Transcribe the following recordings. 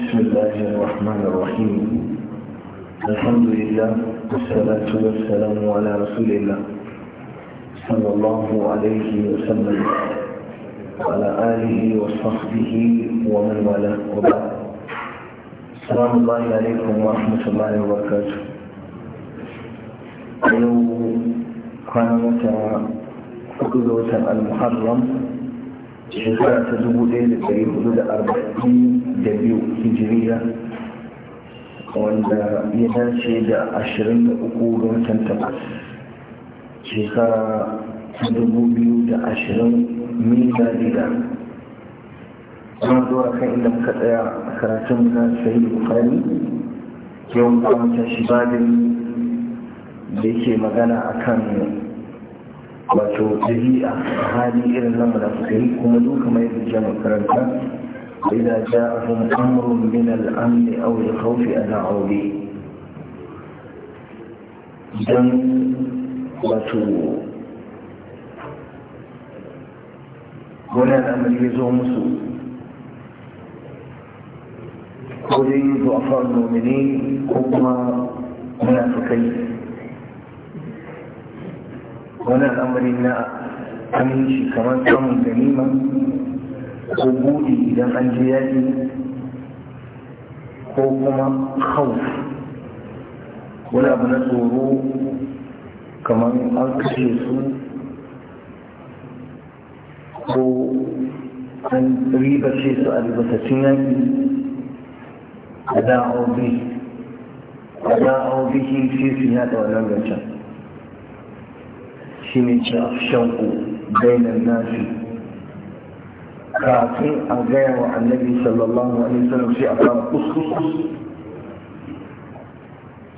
بسم الله الرحمن الرحيم الحمد لله والصلاة والسلام على رسول الله صلى الله عليه وسلم وعلى آله وصحبه ومن والاه وبعد السلام الله عليكم ورحمة الله وبركاته أيوه كان متى المحرم shekara ta dubu ɗaya da ɗari hudu da arba'in da biyu hijiriya wanda ya dace da ashirin da uku ga watan takwas shekara ta dubu biyu da ashirin miladiya kuma zuwa kan inda muka tsaya a karatun na sayi bukari yau kuma ta shi babin da yake magana akan wato jari'a a hali irin nan da suka yi kuma duka mai rikiya makaranta idan ja a kuma amurin min al'amni a wuri haufi a nan aure don wato wani al'amari ya zo musu ko dai zuwa faru nomini ko kuma muna fi kai wani al'amari na aminci kamar samun ganima ko gudi idan an je yaƙi ko kuma hauf wani abu na tsoro kamar an kashe su ko an ribace su a ribatattun yaƙi a da'a'obi a da'a'obi shi su yada wannan gancan shi ne shanku bainan nasi kafin a gaya wa annabi sallallahu alaihi wasallam sai a fara kuskus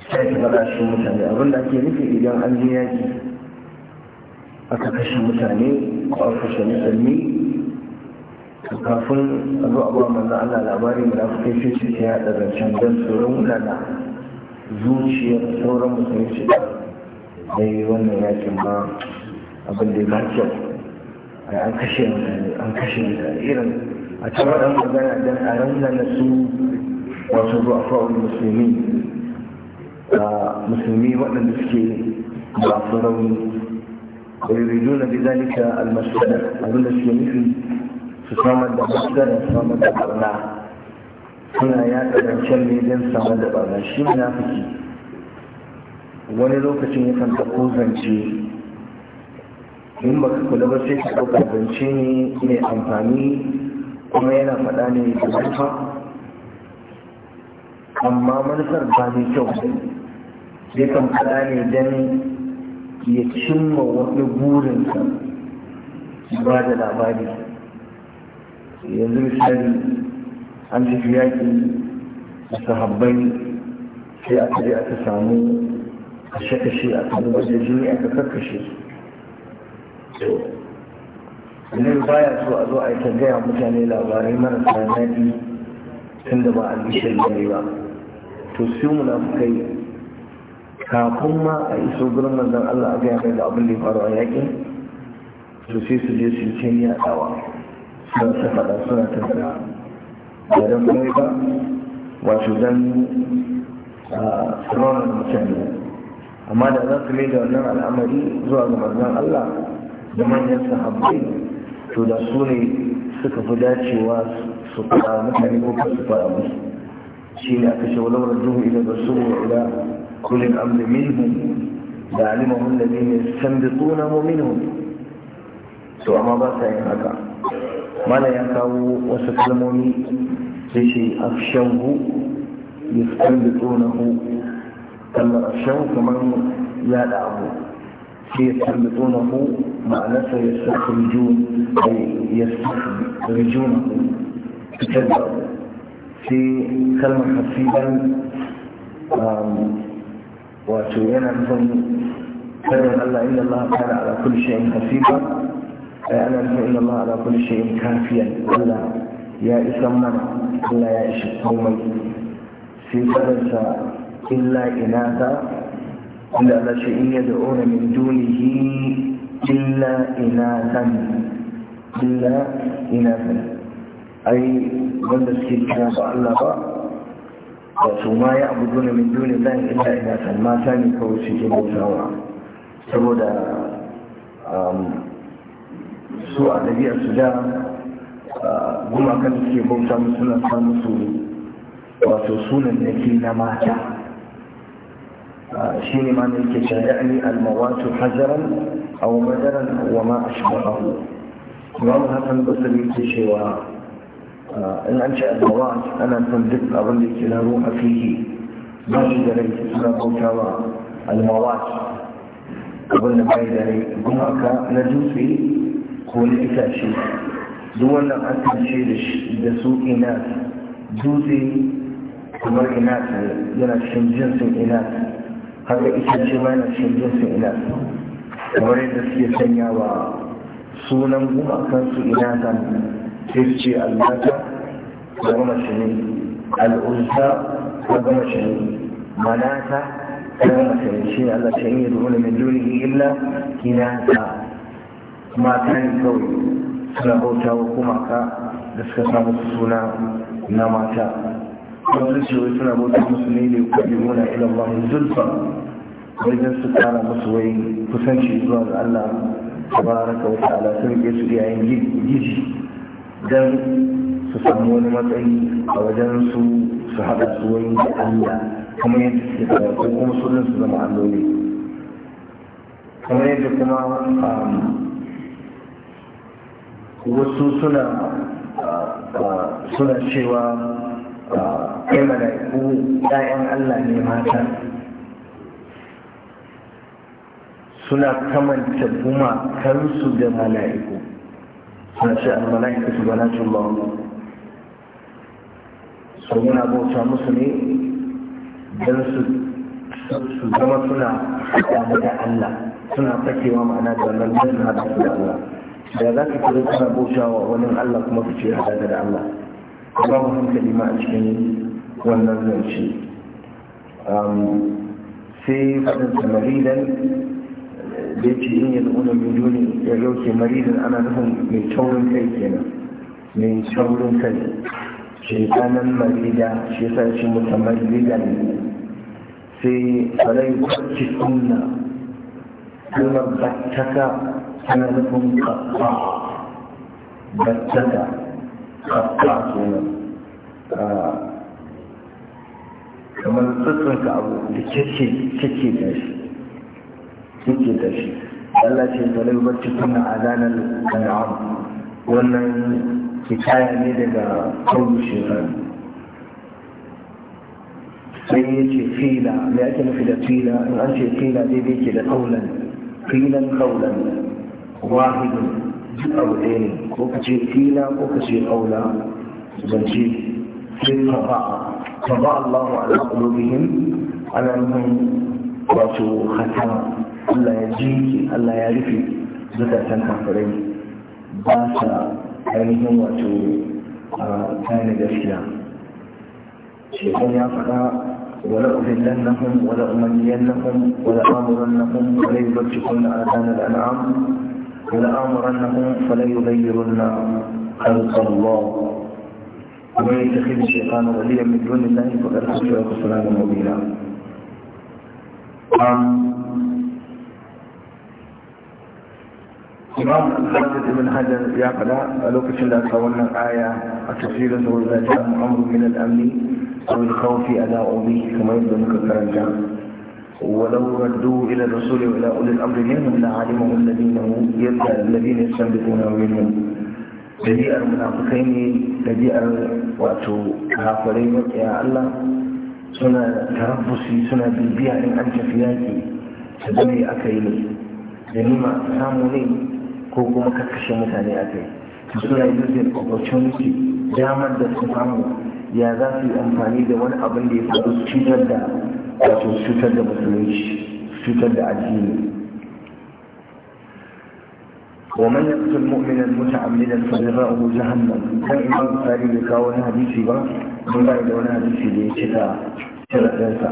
sai ka faɗa shi mutane abin abinda ake nufi idan an je yaki aka kashe mutane ko a kashe musulmi kafin a zo abuwa manzan Allah labari da aka kai shi ya daga zancen don tsoron wulana zuciyar sauran musulmi shi dai wannan yakin ba abin da ya ba kyau an kashe an kashe irin a ta dan magana dan a ranzana su wasu zuwa fa'ul musulmi musulmi waɗanda suke su rauni da rido na bizalika almasada abinda suke nufi su samar da masada da samar da barna suna yaɗa rancen ne don samar da barna shi fiki wani lokacin yakan ɗauko zance in ka kula ba sai ka ɗauka zance ne mai amfani kuma yana faɗa ne da manufa amma manufar ba mai kyau yakan faɗa ne don ya cimma wani burinsa ba da labari yanzu misali an tafi yaƙi a sahabbai sai aka je aka samu kashe shi a kan wajen jini aka su annabi baya so a zo a yi ta gaya mutane labarai marasa daɗi tun da ba a bishe ne ba to su munafukai kafin ma a iso gurin manzon Allah a gaya mai da abin da ya faru a yakin. to sai su je su ce ni a tsawa suna ta faɗa suna ta faɗa ba don kuma ba wato don ah, tsaronar mutane amma da za su mai da wannan al'amari zuwa ga manzan Allah da manyan sahabbai to da su ne suka fi dacewa su fara mutane ko su fara musu shi ne aka ce walau rajuhu ila rasulu wa ila kulli amri minhum da alimahu alladhina yastanbitunahu minhum to amma ba sa yin haka mana ya kawo wasu kalmomi sai shi afshanhu mu. تلرشوا كمان يا أبو سيستمدونه معناته يستخرجون أي يستخرجونه تتبعوا في كلمة حسيبا وتوين أنتم كلمة أن إلا الله كان على كل شيء حسيبا أي أنا أنتم إلا الله على كل شيء كافيا إلا يا إسمنا ولا يا إشي قومي في فلسة إلا إناثا إلا لشيء يدعون من دونه إلا إناثا إلا إناثا أي من تسكيل كلام الله وما يعبدون من دون الله إلا إناثا ما ثاني كوسي جميل سوا سبودا سوء نبيع سجارة gumakan suke bauta musu na samu su wato sunan da ke na mata shi ne ma yake cewa ya'ni al-mawatu hajaran aw madaran wa ma ashbahahu imam Hassan basri yake cewa ah, in an ce al ana nufin duk abin da yake na ruha fihi ba shi da rai suna bauta ba, mawat abin da bai da rai kuma na dutse ko na itace duk wannan an kance da su ina dutse kamar ina yana cikin jinsin ina haka ita ce ma yana shan jinsin ina kamar yadda suke sanya wa sunan gumakansu ina zan sai ce allata ta shirin. shi ne al'ulta ta gama shi manata ta gama shi shi ne allah ta yi ruhuna mai duni illa kina ta mata ne kawai suna bauta wa ka da suka samu suna na mata wanda ce wai suna bauta musu ne ne kuɗi muna ila Allah zulfa wajen su tsara musu wai kusanci zuwa ga Allah tabaraka wa ta'ala sun rike su iyayen gizi dan su samu wani matsayi a wajen su su haɗa su tsaya ko kuma um, wasu suna uh, cewa kai mala'iku ‘ya'yan Allah ne mata suna kamanta gumakansu da mala'iku suna ce an mala'iku su ba nacin ba su muna bauta musu ne don su zama suna damu da Allah suna fakewa ma'ana da wannan don su su da Allah da za ka kiri kuma bauta wa wani Allah kuma su ce hada da Allah babu hankali ma a cikin wannan zance sai faɗinsa maridan da ya ce in yi zaune mai duni ya yauke maridan ana nufin mai taurin kai kenan mai taurin kai shekanan marida shi sa shi mutum marida ne sai farai kwanci sunna kalmar battaka ana nufin kafa battaka kamar tsatsanka abu da cece cece da shi cece da shi Allah ce falai barci kuna azanar kan'am wannan kitaya ne daga kawo shekaru sai ya ce fila mai ake nufi da fila in an ce fila daidai ke da kaulan filan kaulan wahidin duk abu ɗaya ne ko ka ce fila ko ka ce aula zance sai ka ba ka ba Allah wa ala qulubihim ana nufin wato khatama Allah ya ji Allah ya rufe zukatan kafirai ba sa ainihin wato kayan gaskiya shekun ya faɗa wala ubillan nahum wala umanniyan nahum wala amuran nahum wala na adanar an'am ولآمرنه فلا يغيرن خلق الله ومن يتخذ الشيطان وليا من دون الله فقد خسر خسرانا مبينا إمام الحافظ بن حجر يقرا قالوا كيف لا تولى الآية التفسير أنه إذا جاء الأمر من الأمن أو الخوف أداء به ثم يبدو أنك كرجا ولو ردوا إلى الرسول وإلى أولي الأمر منهم لعلمه الذين يبدأ الذين يستنبطونه منهم ɗabi'ar munafukai ne ɗabi'ar wato kafirai maƙiya Allah suna tarabbusi suna bibiya in an tafi yaƙi su zame aka yi ne ganima samu ne ko kuma kakkashe mutane aka yi suna using opportunity damar da su samu ya za su yi amfani da wani abin da ya faru su cutar da wato cutar da musulunci cutar da addini ومن يقتل مؤمنا متعمدا فجزاؤه جهنم كان امام البخاري kawo wani hadisi ba mun ba da wani hadisi da ya cika sharadansa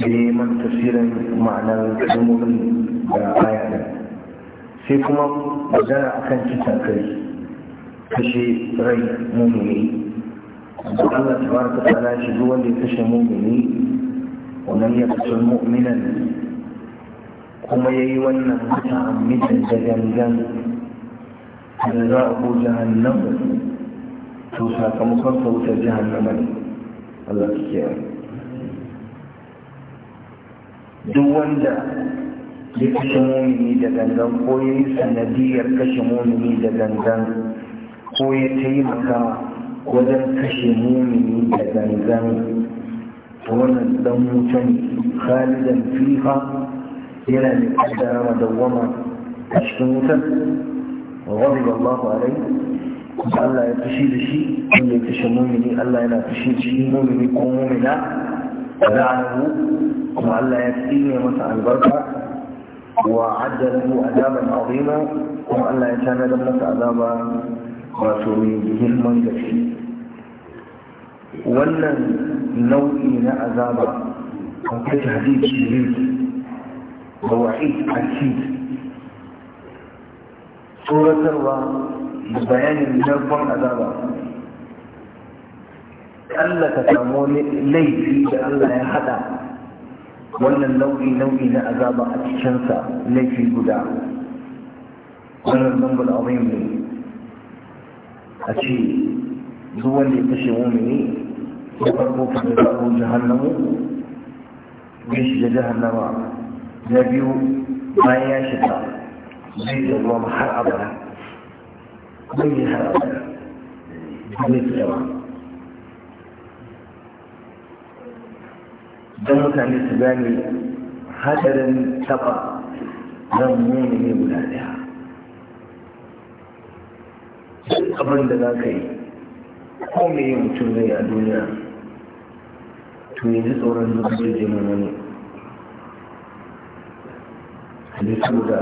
sai man tafsirin ma'anar kalmomin da aya din sai kuma magana akan kisan kai kashe rai mumini Allah tabaraka ta'ala shi wanda ya kashe mumini ومن يقتل مؤمنا كما ku متعمدا دجنجا جزاؤه جهنم توسع كما جهنم الله يكير duk wanda ya kashe mumini da gangan ko ya yi sanadiyar kashe mumini da gangan ko ya taimaka wajen kashe mumini da gangan ومن لم يكن خالدا فيها الى حتى دوما مشكوتا وغضب الله عليه الله لا تشيد شيء من يتشممني الا لا تشيد شيء من قومنا فلعنه وعلى يكفيني متع البركه وعد له اداما عظيما وعلى يكان لمس اداما رسولي به المنجح ولن لو إلى أذابة وتجهديد شديد ووعيد أكيد سورة الله بيان الجرب أذابة ألا تتعمل لي فيه ألا يحدى ولا لو إلى أذابة أكشنسة لي في البدع ولا الذنب العظيم لي دول يتشعون مني يقربوا فجزاؤه جهنم مش جهنم نبيو ما يشتى زيد الله محر أبدا مي حر أبدا جميل الإمام don mutane su gane hadarin taba zan muni ne guda daya abin da za ka yi ko mutum zai a duniya to yanzu tsoron lokacin je wani ne saboda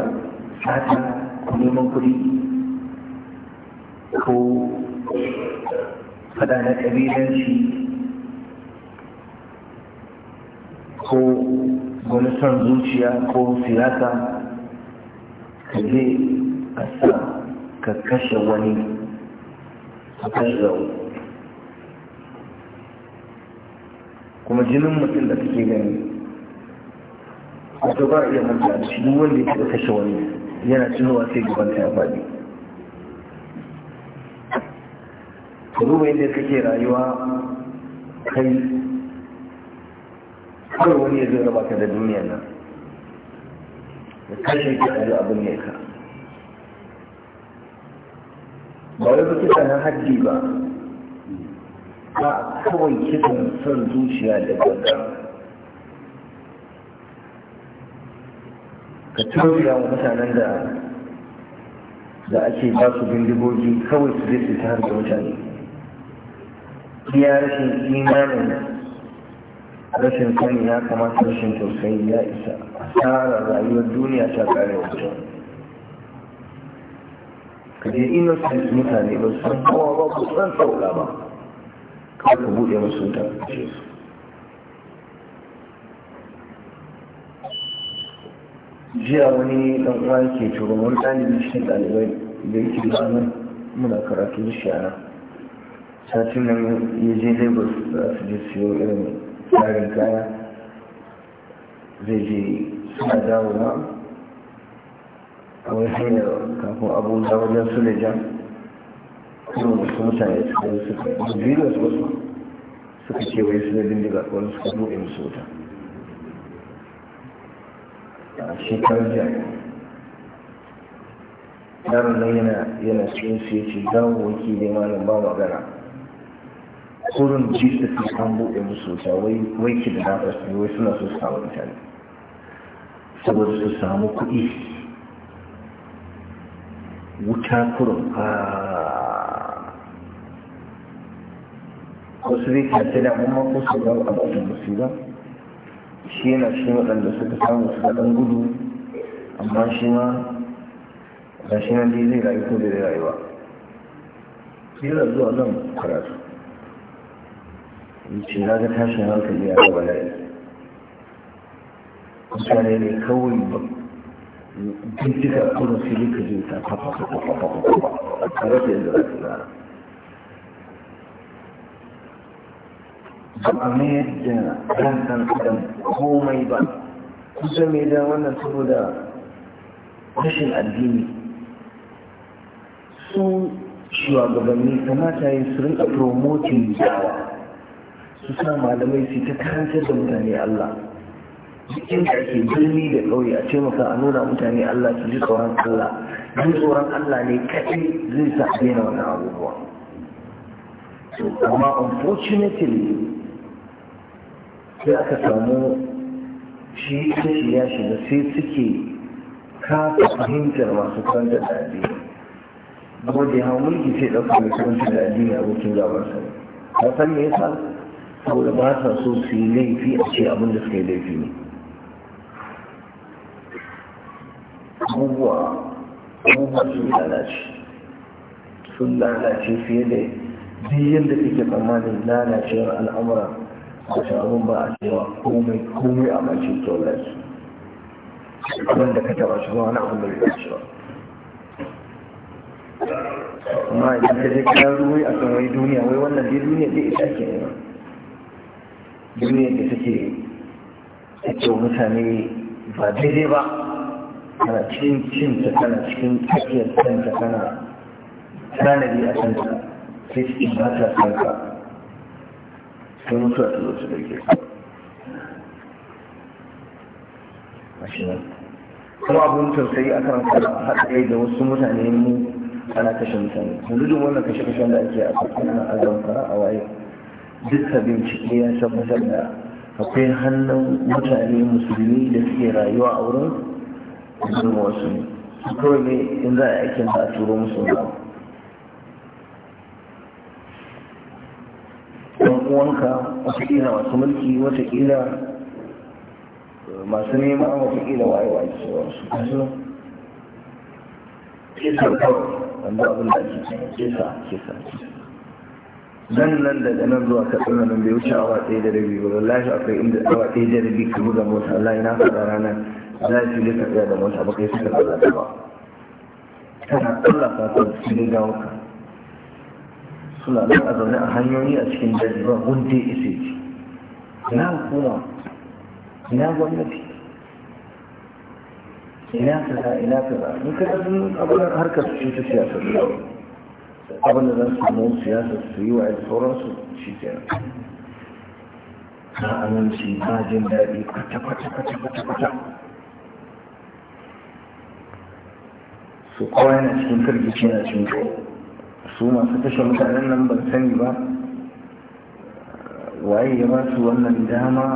ko neman kuɗi ko fada na ƙabilanci ko wani son zuciya ko siyasa ka je a sa ka kashe wani a kashe kuma jinin mutum da kake gani wato ba iya manta da shi wanda ya taɓa kashe wani yana cinowa sai gaban ta ya faɗi ka duba yadda kake rayuwa kai kawai wani ya zai raba ka da duniya nan da kashe ka a abin ne ka ba wai kuke tsanin haddi ba ba kawai kisan son zuciya da gwada ka tauriya wa mutanen da da ake ba su bindigogi kawai su zai su ta da mutane iya rashin imanin rashin sani ya kamata rashin tausayi ya isa tsara rayuwar duniya ta kare mutum ka je mutane ba su san kowa ba ku san saula ba aka buɗe masu wuta jiya wani ɗan uwa ke turu wani ɗalibi cikin ɗalibai da yake da muna karatu da shi ana satin nan ya je labar za su je siyo irin tsarin kaya zai je suna dawowa a wani hanyar kafin abuja wajen sulejan irin wasu mutane suka yi suka yi bidiyo suka su suka kewaye su na bindiga wani suka buɗe musu wuta a shekarar jiya yaron nan yana yana cikin su ya ce mu wanki ne malam ba magana kurin su fi an buɗe musu wuta wai ki da nafas ne wai suna so su samu mutane saboda su samu kuɗi wuta kurin a ah. wasu zai kace da kuma ko su ga al'adun da su ba shi yana cikin waɗanda suka samu su ɗan gudu amma shi ma da shi nan dai zai rayu ko bai rayuwa yana zuwa nan karatu yace na ga tashin hankali a gaba layi mutane ne kawai ba bincika kuma sai ka je ta fafa fafa fafa fafa a rasa yadda za ta ba mai yadda ran ɗan adam komai ba kusa mai da wannan saboda rashin addini su shugabanni kamata yi su rinka promotin dawa su sa malamai su ta karantar da mutane Allah cikin da ake birni da ƙauye a taimaka a nuna mutane Allah su ji tsoron Allah don tsoron Allah ne kaɗai zai sa a daina wannan abubuwa amma unfortunately sai aka samu shi kashi ya shiga sai suke kasa fahimtar masu kwanta da addini gode hawa mulki sai ɗauka mai kwanta da addini abokin gabansa ba san me yasa saboda ba sa so su yi laifi a ce abin da suka yi laifi ne abubuwa abubuwa sun lalace sun lalace fiye da duk yadda kake tsammanin lalacewar al'amura wasu abin ba a cewa komai komai a mace tsolar su abin da ka taba shi ba wani abin da ya shi ba amma idan ka je kayan ruwai a kan wani duniya wai wannan dai duniya zai ita ke nema duniya da take take mutane ba daidai ba kana cikin cinta kana cikin tsakiyar kanta kana tanadi a kanta sai cikin ba ta kanka sai mutuwa ta zo su dauke kuma abin tausayi a kan sana haɗe da wasu mutane mu ana kashe mutane yanzu duk wannan kashe-kashen da ake a kakkan a zamfara a waye Duk duka bincike ya tabbatar da akwai hannun mutane musulmi da suke rayuwa a wurin da wasu ne kawai ne in za a aikin da a turo musu wani uwanka watakila masu mulki watakila masu nema watakila waye waye su kasu kisa kawai wanda abin da ake cewa kisa kisa nan nan daga nan zuwa katsina nan bai wuce awa ɗaya da rabi ba wallahi akwai inda awa ɗaya da rabi ka buga mota Allah na faɗa ranar za su yi ka tsaya da mota ba kai suka faɗa ba tana tsallaka ta ga gawa suna nan a zaune a hanyoyi a cikin daji ba gunde isi ce ina hukuma ina gwamnati ina kaza ina kaza in ka ɗan abin harkar su ta siyasa abin da zan samu siyasa su yi wa sauransu shi ke na aminci ba jin daɗi kwata-kwata-kwata-kwata su kawai na cikin firgici na cikin kawai su masu kashe mutanen nan ban sani ba waye ya ba su wannan dama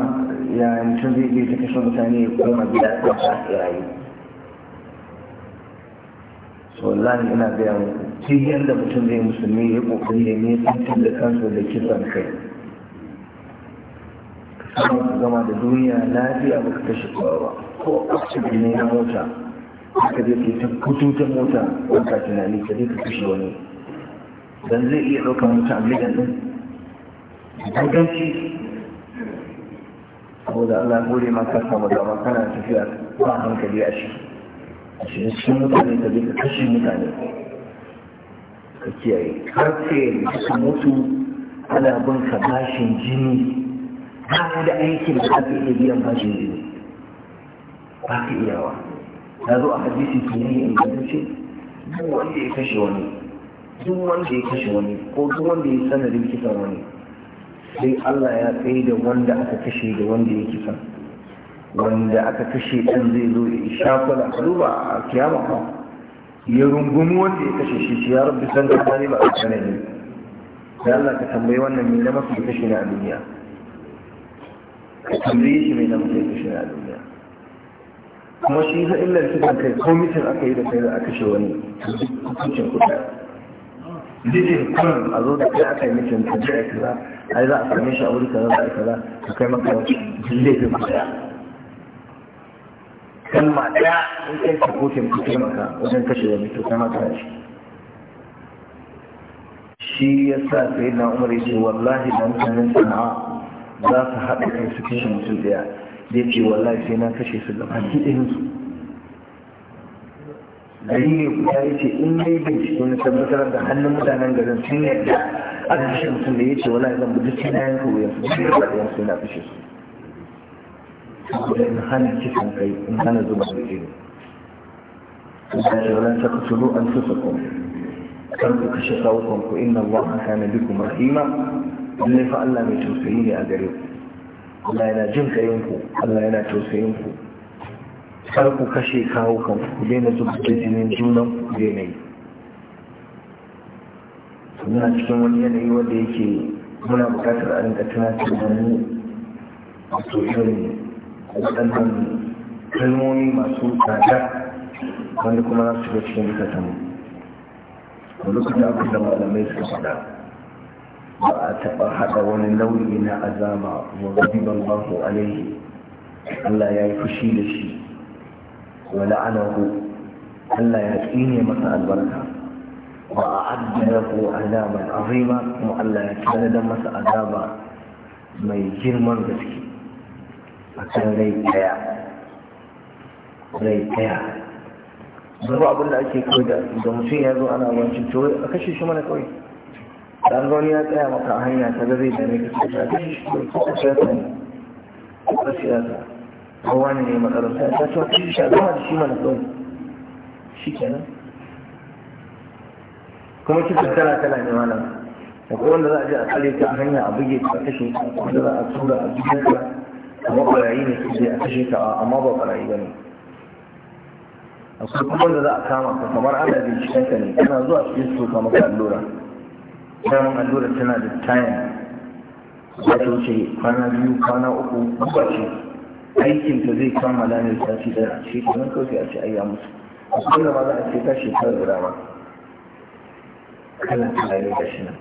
ya mutum zai iya ta kashe mutane ya koma gida a kasa yi so lani ina gaya muku duk yadda mutum zai musulmi ya kokari ya ne tantar da kansu da kisan kai ka samu gama da duniya lafiya ba ka kashe kowa ba ko aksidi ne na mota ka je ke ta kututun mota Wanka ka tunani ka je ka kashe wani dan zai iya ɗaukar mutum a gidan ɗin ganganci saboda Allah gode ma ka samu dama kana tafiya ba hankali a shi a shiga cikin mutane ka bi ka kashe mutane ka kiyaye har sai da su mutu ana bin ka bashin jini ba da aiki da za ka iya biyan bashin jini ba ka iyawa na zo a hadisi tuni ingantacce duk wanda ya kashe wani duk wanda ya kashe wani ko duk wanda ya sanadin kisan wani sai Allah ya tsaye da wanda aka kashe da wanda ya kisan wanda aka kashe ɗan zai zo ya shafala a duba a kiyama ba ya rungumi wanda ya kashe shi shi ya rabbi san ka tare ba a sanadi da Allah ka tambayi wannan mai na mafi kashe na duniya ka tambaye shi mai na mafi kashe na duniya kuma shi za illar kisan kai ko mitin aka yi da kai da aka kashe wani duk hukuncin kuɗa dijin kan a zo da kai aka yi mutum ka je a kaza za a same shi a wuri kaza za a kaza ka kai maka laifin kuɗa ma ɗaya in kai ka kofin ka maka, wajen kashe da to kai maka shi shi ya sa sai na umar ya ce wallahi da mutanen sana'a za su haɗa kai su kashe mutum ɗaya ya ce wallahi sai na kashe su gaba ɗayan su dalili guda ya ce in yi bincike na tabbatar da hannun mutanen garin sun yadda aka kashe mutum da ya ce wani zan bi duk na yanka wuyan su duk da ɗayan su na kashe su saboda in hana kisan kai in hana zuba da jini sun kashe wala ta kusuru an su sako kar ku kashe kawukan ku inna Allah kana bikum rahima lallai fa Allah mai tausayi ne a gare ku Allah yana jin kayan ku Allah yana tausayin ku Karku kashe kawo kan ku daina zuba jinin junan ku suna cikin wani yanayi wanda yake muna bukatar a rinka tunatar da mu a tsohon waɗannan kalmomi masu tsada wanda kuma za su ga cikin ta mu a lokacin abin da malamai suka faɗa ba a taɓa haɗa wani nau'i na azama wa gabi ban alaihi Allah ya yi fushi da shi wa la'anahu Allah ya tsine masa albarka wa a'adda lahu azaban azima kuma Allah ya tanadar masa azaba mai girman gaske a rai daya rai daya babu abin da ake kawai da mutum ya zo ana wancin a kashe shi mana kawai dan zaune ya tsaya maka hanya ta zai da ne kashe shi ko siyasa ne ko siyasa kowa ne ne matsalar ta ta ce shi gama da shi mana kawai shi kenan kuma kisa kala tana ne da kuma wanda za a je a tsare ta hanya a buge ta kashe ta wanda za a tura a gidan ta amma barayi ne su je a kashe ta amma ba barayi ba ne akwai kuma wanda za a kama ka kamar ana binciken ka ne kana zuwa cikin su ka maka allura daman allura tana da tayan za ta wuce kwana biyu kwana uku kuma ce aikin zai kama lanar sati da shi kenan kawai a ce ayya musu a cikin da ma za a ce ta shekara guda ba kalan kala da gashi nan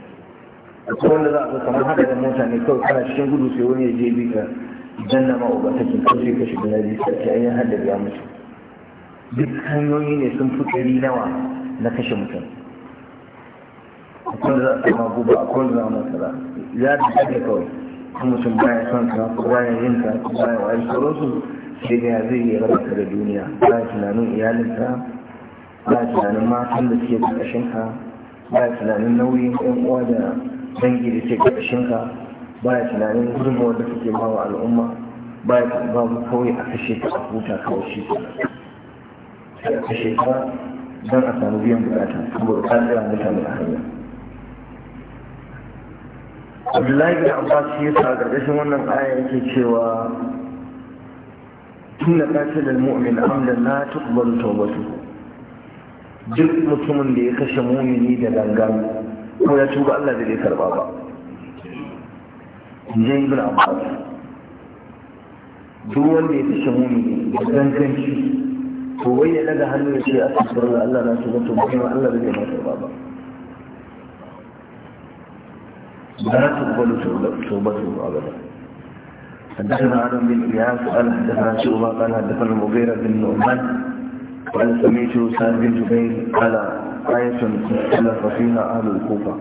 A wanda za a zo kamar haka da mota ne kawai kana cikin gudu sai wani ya je bi ka na ma uba take kawai sai ka shiga na biyu sai ayyan haddar ya mutu duk hanyoyi ne sun fi ɗari nawa na kashe mutum akwai wanda za a kama guba akwai wanda za a masara ya da kawai kuma mutum baya son ka ko baya yin ka ko baya wa sauransu sai da zai yi rabata da duniya ba ya tunanin iyalinka ya tunanin matan da suke ƙarƙashin ka ba ya tunanin nauyin ɗan uwa da dangi da suke ƙarƙashin ka ba ya tunanin gudunmawar da suke ba wa al'umma ba mu kawai a kashe ka a huta kawai shi sai a kashe ka don a samu biyan bukata saboda ka tsaya mutane a hanya abdullahi bin abbas shi yasa a ƙarƙashin wannan aya yake cewa tun da inna qatilal mu'min amdan la tuqbalu tawbatuhu duk mutumin da ya kashe mumini da gangan ko ya tuba Allah da bai karba ba je ibn abbas duk wanda ya kashe mumini da gangan shi to wai ya daga hannu ya ce astaghfirullah Allah na tuba to bai Allah da bai karba ba لا تقبل توبته أبدا حدثنا عن بن إياس قال حدثنا شعبة قال حدثنا المغيرة بن نعمان قال سميت سعد بن جبير قال آية اختلف فيها أهل الكوفة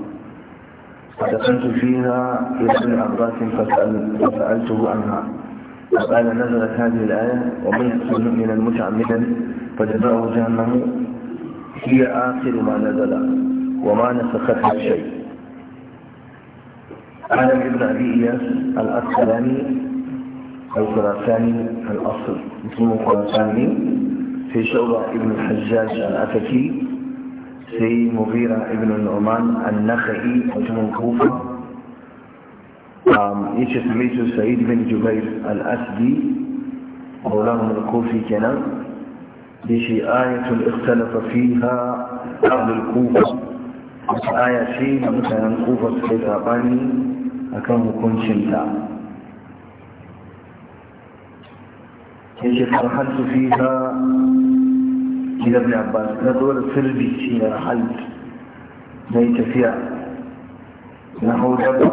فدخلت فيها إلى ابن عباس فسألته عنها فقال نزلت هذه الآية ومن يقتل مؤمنا متعمدا فجزاؤه جهنم هي آخر ما نزل وما نسختها شيء عالم ابن أبي إياس الأسلاني الخراساني الأصل اسمه خراساني في شعبة ابن الحجاج الأتكي في مغيرة ابن النعمان النخعي اسمه الكوفة إيش سميته سعيد بن جبير الأسدي مولاهم الكوفي كان إيش آية اختلف فيها أهل الكوفة آية شيء مثلا الكوفة في الغاباني akan hukuncinta yace farhantu fiha ila ibn abbas na dole sirbi shi ne rahalt na tafiya na hau daba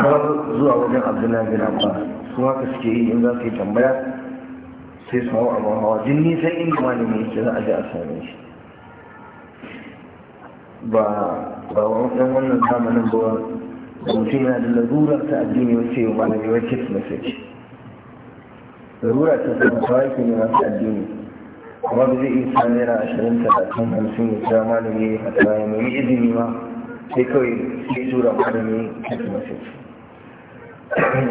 har zuwa wajen abdullahi bin abbas su haka suke yi in za su yi tambaya sai su hau abu hawa jin nisan inda malami yake za a je a same shi ba ba wani wannan zamanin ba mutum yana da larura ta addini wacce yau malami wacce su message larura ta samun kawai ke neman ta addini amma ba zai iya sa naira ashirin talatin hamsin ya kira malami a tsaye mai izini ma sai kawai sai tura malami ya su message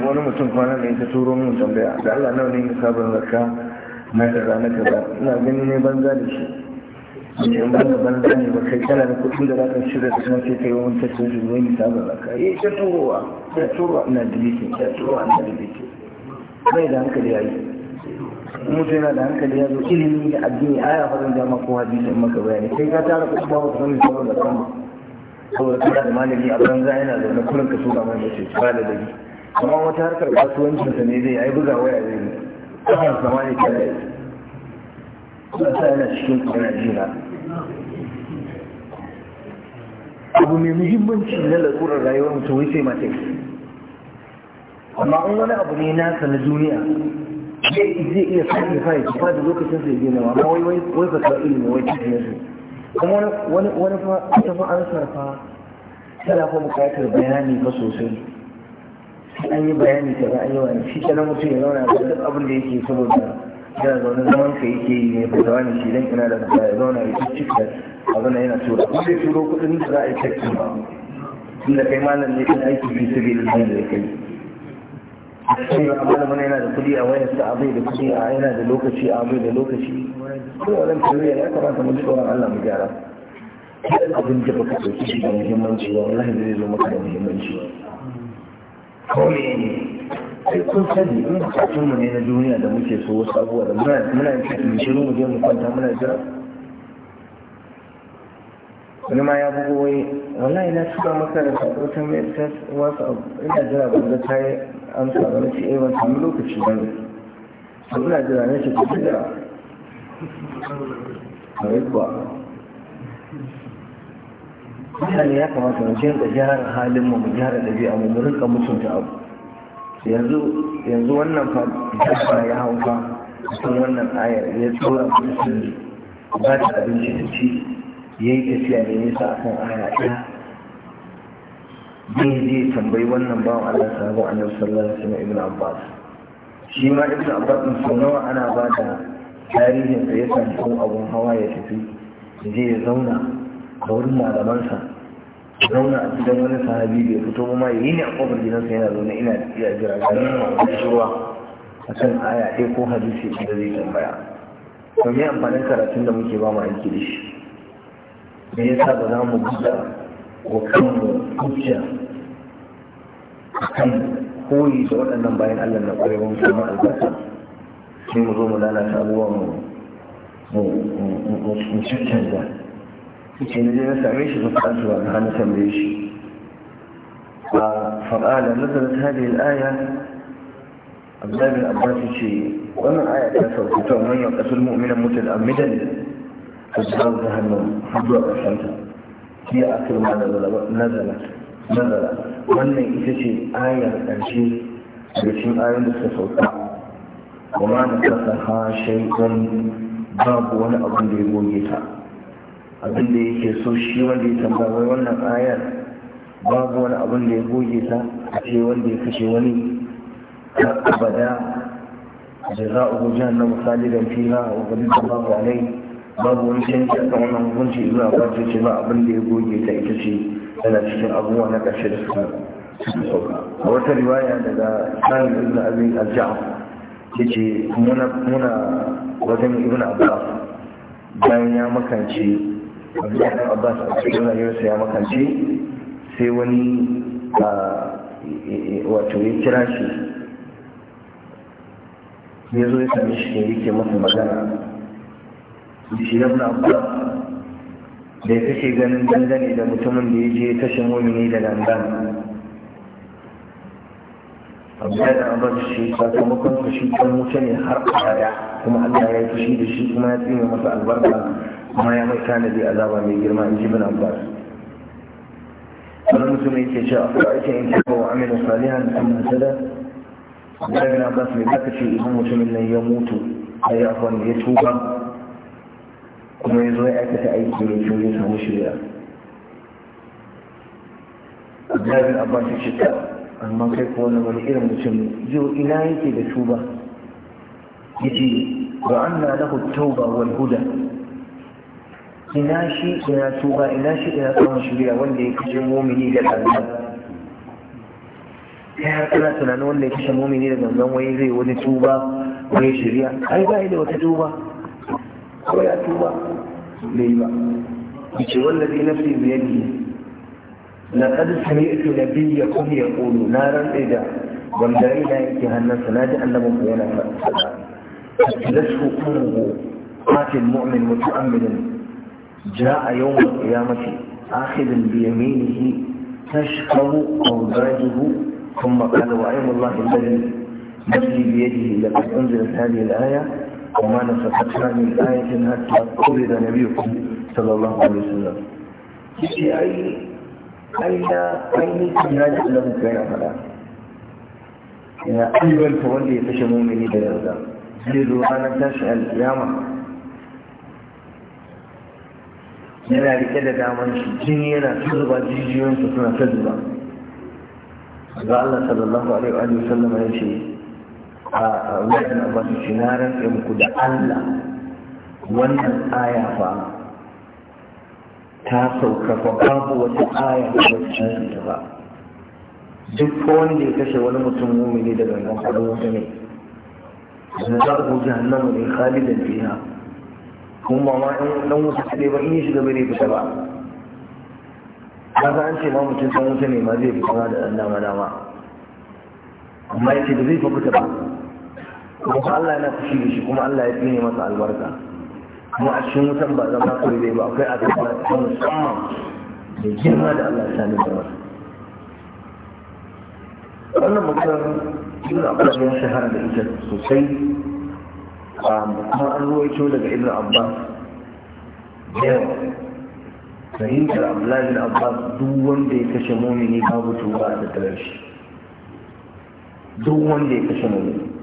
wani mutum kwana ne ta turo mun tambaya da Allah nawa ne sabon zakka na da ranar ba? ina ganin ne banza da shi in ban da banza ne ba kai kana da kuɗin da za ka shirya da kuma sai kai wani tattalin wani sabon da ka yi eh, ta turowa ta turowa ina dilitin ta turowa ina dilitin bai da hankali ya yi mutu yana da hankali ya zo ilimi da addini aya farin dama ko hadisi maka bayani kai ka tara kuɗi ba wata wani sabon da kan saboda kana da malami a banza yana da na kullum ka tura mai mace ba da dabi amma wata harkar kasuwancinsa ne zai ai buga waya zai yi kasan sama ne kada yi kuma sa yana cikin kuma jina abu mai muhimmanci na lalurar rayuwar mutum wai sai mace amma in wani abu ne nasa na duniya zai iya sake fara ki da lokacin sai gina amma wai wai wai ta ilimi wai cikin yanzu kuma wani wani fa ta fa an sarfa tana fa bukatar bayani fa sosai Sai an yi bayani ta an yi wani shi na mutum ya zauna da duk abin da yake saboda yana zaune zaman ka yake yi ne ba wani shi dan ina da ba ya zauna ya ci da abin yana tura ko zai turo kuɗin da za a yi cikin ba inda kai malam ne kan aiki fi su bilin da kai sai ba malamin yana da kuɗi a wayar sa abai da kuɗi a yana da lokaci a abai da lokaci ko wannan tarbiyya ya kamata mu ji tsoron Allah mu gyara duk abin da baka ɗauki shi da muhimmanci ba wallahi zai zo maka da muhimmanci ba kawai ne sai kun sani in bukatun mu ne na duniya da muke so wasu abubuwa da muna muna yin shiru mu je mu kwanta muna jira wani ma ya bugo wai wallahi na tuba maka da sako ta mai ta wasu abu ina jira ban ga ta yi amsa ba na ce eh ban samu lokaci ba ne to ina jira na ce ku jira a rikuwa mutane ya kamata mu da gyara halin mu mu gyara ɗabi'a mu mu rinka mutunta abu yanzu wannan fa ya hau fa cikin wannan ayar ya tsora ne ba da abinci da ci ya yi tafiya da nisa a kan aya ɗaya zai tambayi wannan bawan Allah sahabu a nan sallallahu alaihi ibn Abbas shi ma ibn Abbas din sau nawa ana ba da tarihin da ya san abun hawa ya tafi je ya zauna a wurin malamansa zauna a gidan wani sahabi bai fito ma ya yi ne a kofar sa yana zaune ina iya jira ganin ruwa a kan aya ɗaya ko hadisi da zai tambaya to me amfanin karatun da muke ba mu aiki da shi me yasa ba za mu buɗa wa kanmu hujja kan koyi da waɗannan bayan Allah na ƙwarewa mu samu albarka sai mu zo mu lalata abubuwan mu mu mu ce na je na same shi ba fa'altu wa na tambaye shi a fa'ala nazarar hadin aya abdullahi abbas ce wannan aya ta sauka ta man yau kasar mu'minan mutum amidan ta zuwa da hannun zuwa ƙarshen ta a kirma da nazara nazara wannan ita ce ayar ƙarshe daga cikin ayoyin da suka sauka kuma na kasa ha shaikon babu wani abin da ya goge ta abin da yake so shi wanda ya tambaye wannan ayar babu wani abin da ya goge ta a ce wanda ya kashe wani ta abada a jaza'u jahannam khalidan fiha a ghadiba Allahu da babu wani canji a kan wannan hukunci zuwa Abbas ce ba abin da ya goge ta ita ce tana cikin abubuwa na ƙarshe da suka a wata riwaya daga Sa'id ibn Abi al-Ja'f yace muna muna wajen ibn Abbas bayan ya makance abdullahi abbas a cikin rayuwarsa ya makance sai wani e, e, wato ya kira shi ya zo ya same shi ne yake masa magana shi ya fi abbas da ya kashe ganin dangane da mutumin da ya je kashe ne da gangan abdullahi dan abbas shi sakamakon su shi kan wuce ne har a kuma allah ya fushi da shi kuma ya tsine masa albarka kuma ya mai tanadi azaba mai girma in ji bin abbas wani mutum ya ke cewa a aikin in kaba wa amina da sun mutu da bin abbas mai zaka ce idan mutumin nan ya mutu a yi afon ya tuba kuma ya zo ya aikata aiki mai kyau ya samu shirya abdullahi abbas ya ce ta amma kai ko wani wani irin mutum yau ina yake da tuba ba an na lahu tauba wal huda ina shi ina tuba ina shi ina tsawon shirya wanda ya kashe mumini da gangan kai har kana tunanin wanda ya kashe mumini da gangan wai zai wani tuba wani shirya ai ba da wata tuba kawai ya tuba bai ba ce wallazi nafsi biyadi laqad sami'tu nabiyyakum yaqulu naran da wanda ina yake hannunsa Na ji annabin ku yana faɗa lasu ummu qatil mu'min muta'ammilin جاء يوم القيامة آخذ بيمينه تشقه أوزاجه ثم قال وأيم الله الذي نفسي بيده لقد أنزلت هذه الآية وما نفتحها من آية حتى قبض نبيكم صلى الله عليه وسلم في أي أين أين كناد له كان فلا يا أيها الفوالي يتشمون مني بلا زي الرانا تشعل يا مرحبا yana rike da daman shi jini yana ta zuba su suna ta zuba ga Allah sallallahu alaihi wa sallam ya ce a wajen abin shi na rantse muku da Allah wannan aya fa ta sauka fa babu wata aya da wacce ta ba duk wanda ya kashe wani mutum mumini daga nan kudin wata ne zanzar ku jahannama ne khalidan fiha kuma ba ma ɗan wasu kaɗe ba in yi shiga bai fita ba kaga an ce ma mutum ɗan wasu ne ma zai fita ma da ɗan dama dama amma ya ce da zai fi fita ba kuma Allah yana fushi da shi kuma Allah ya tsine masa albarka kuma a cikin wutan ba zama kuri zai ba akwai azaba ta musamman mai girma da Allah ya sani da wasu wannan mutum yana abbas shahara da ita sosai kuma an ruwaito daga ibn abbas yawa fahimtar abdullahi da abbas duk wanda ya kashe momini babu tuba a tattare shi duk wanda ya kashe momini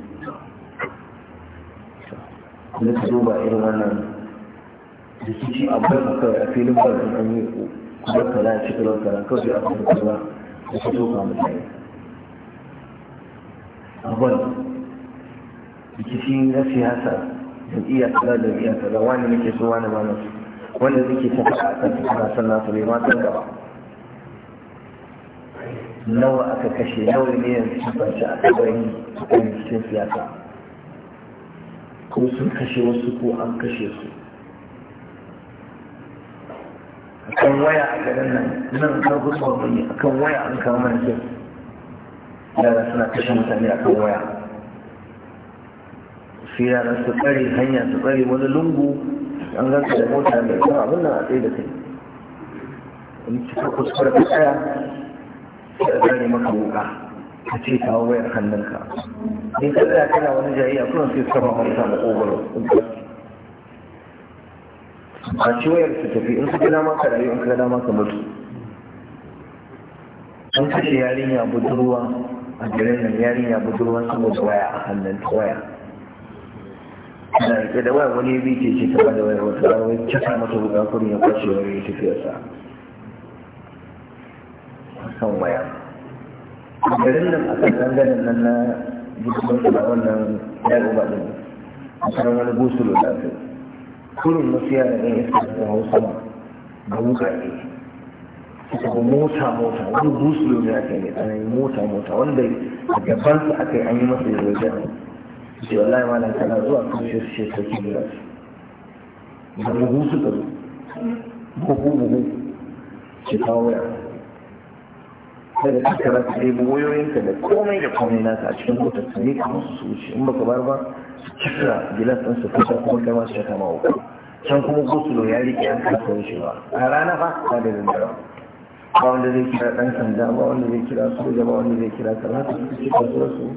da ta ba irin wannan da su ci abu da kawai a filin ba da an yi kuma kala a cikin ranka na kawai a kuma kaza da su toka mutane abbas rikici na siyasa jam'iyya da iya kaza wani muke so wani ba nasu wanda suke ta faɗa a su suna son nasu bai ma san gaba nawa aka kashe nawa ne yanzu sun fanci a kabari a kan cikin siyasa ko sun kashe wasu ko an kashe su a kan waya a garin nan nan kan gusa wani a kan waya an kama mana ke yara suna kashe mutane a kan waya sai yara su tsare hanya su tsare wani lungu an ganka da mota mai kuma abin nan a tsaye da kai in ka kuskura ka tsaya sai a tsare maka wuka ka ce kawo wayar hannunka in ka tsaya kana wani a kuma sai sama mota na ogoro a ci wayar su tafi in ka gina maka rayu in ka gina maka mutu an kashe yarinya budurwa a garin nan yarinya budurwa saboda waya a hannun waya ana rike da waya wani bi ke ce kama da wayar wata rana wani kisa mata wuka kurin ya kwashe wani ya tafiya sa kan waya garin nan a kan dangane nan na gudunmar da wannan yaro ba din a kan wani gusulo da su kurin wasu yara ne ya sa da hausa da wuka ne suka ga mota mota wani gusulo ne aka ne mai tsanani mota mota wanda a gabansa aka yi an yi masa yarwajen ce wallahi malam kana zuwa kan shi ce ta kibla da buhu suka zo buhu buhu ce kawo waya daga cikin rasa sai ka da komai da komai nasa a cikin motar su ne kamar su wuce in baka bar ba su kisa gilas ɗin su kusa kuma kai masu ya kama wuka can kuma gosulo ya riƙe an kasa wucewa a rana ba ba da dindara ba wanda zai kira ɗan sanda ba wanda zai kira soja ba wanda zai kira kaza su suke kasuwar su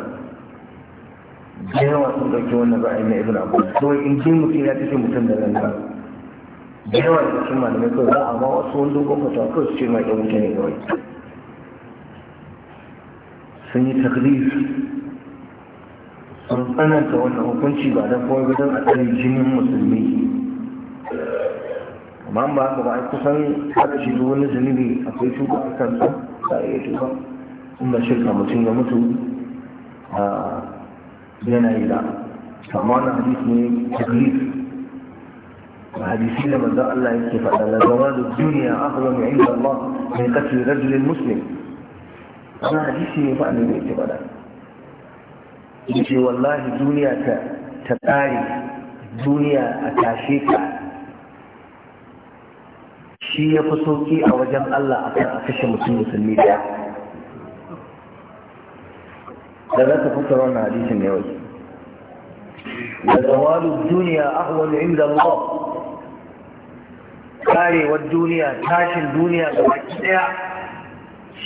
da yawa sun ɗauki wannan ra'ayin na ibn abu kawai in ji mutum ya tafi mutum da ranka da yawa da cikin malamai kawai za a ma wasu wani dogon fatawa kawai su ce ma ɗan wuta ne kawai sun yi takrir sun tsananta wannan hukunci ba don kuma gudan a tsarin jinin musulmi amma ba haka ba kusan haka shi wani zunubi akwai shuka a kansa za a iya tuba in ba shirka mutum ya mutu yana yi da amma wannan hadisi ne taklif hadisi da manzon Allah yake faɗa da la zawadu dunya a'zam 'inda Allah mai qatl rajul muslim wannan hadisi ne fa annabi yake faɗa yace wallahi duniya ta ta tsare duniya a tashe ka shi ya fi sauki a wajen Allah a kan a kashe mutum musulmi daya da za ta fitar wannan hadisin ne wai da zawalu duniya ahwal inda Allah karewar duniya tashin duniya da baki daya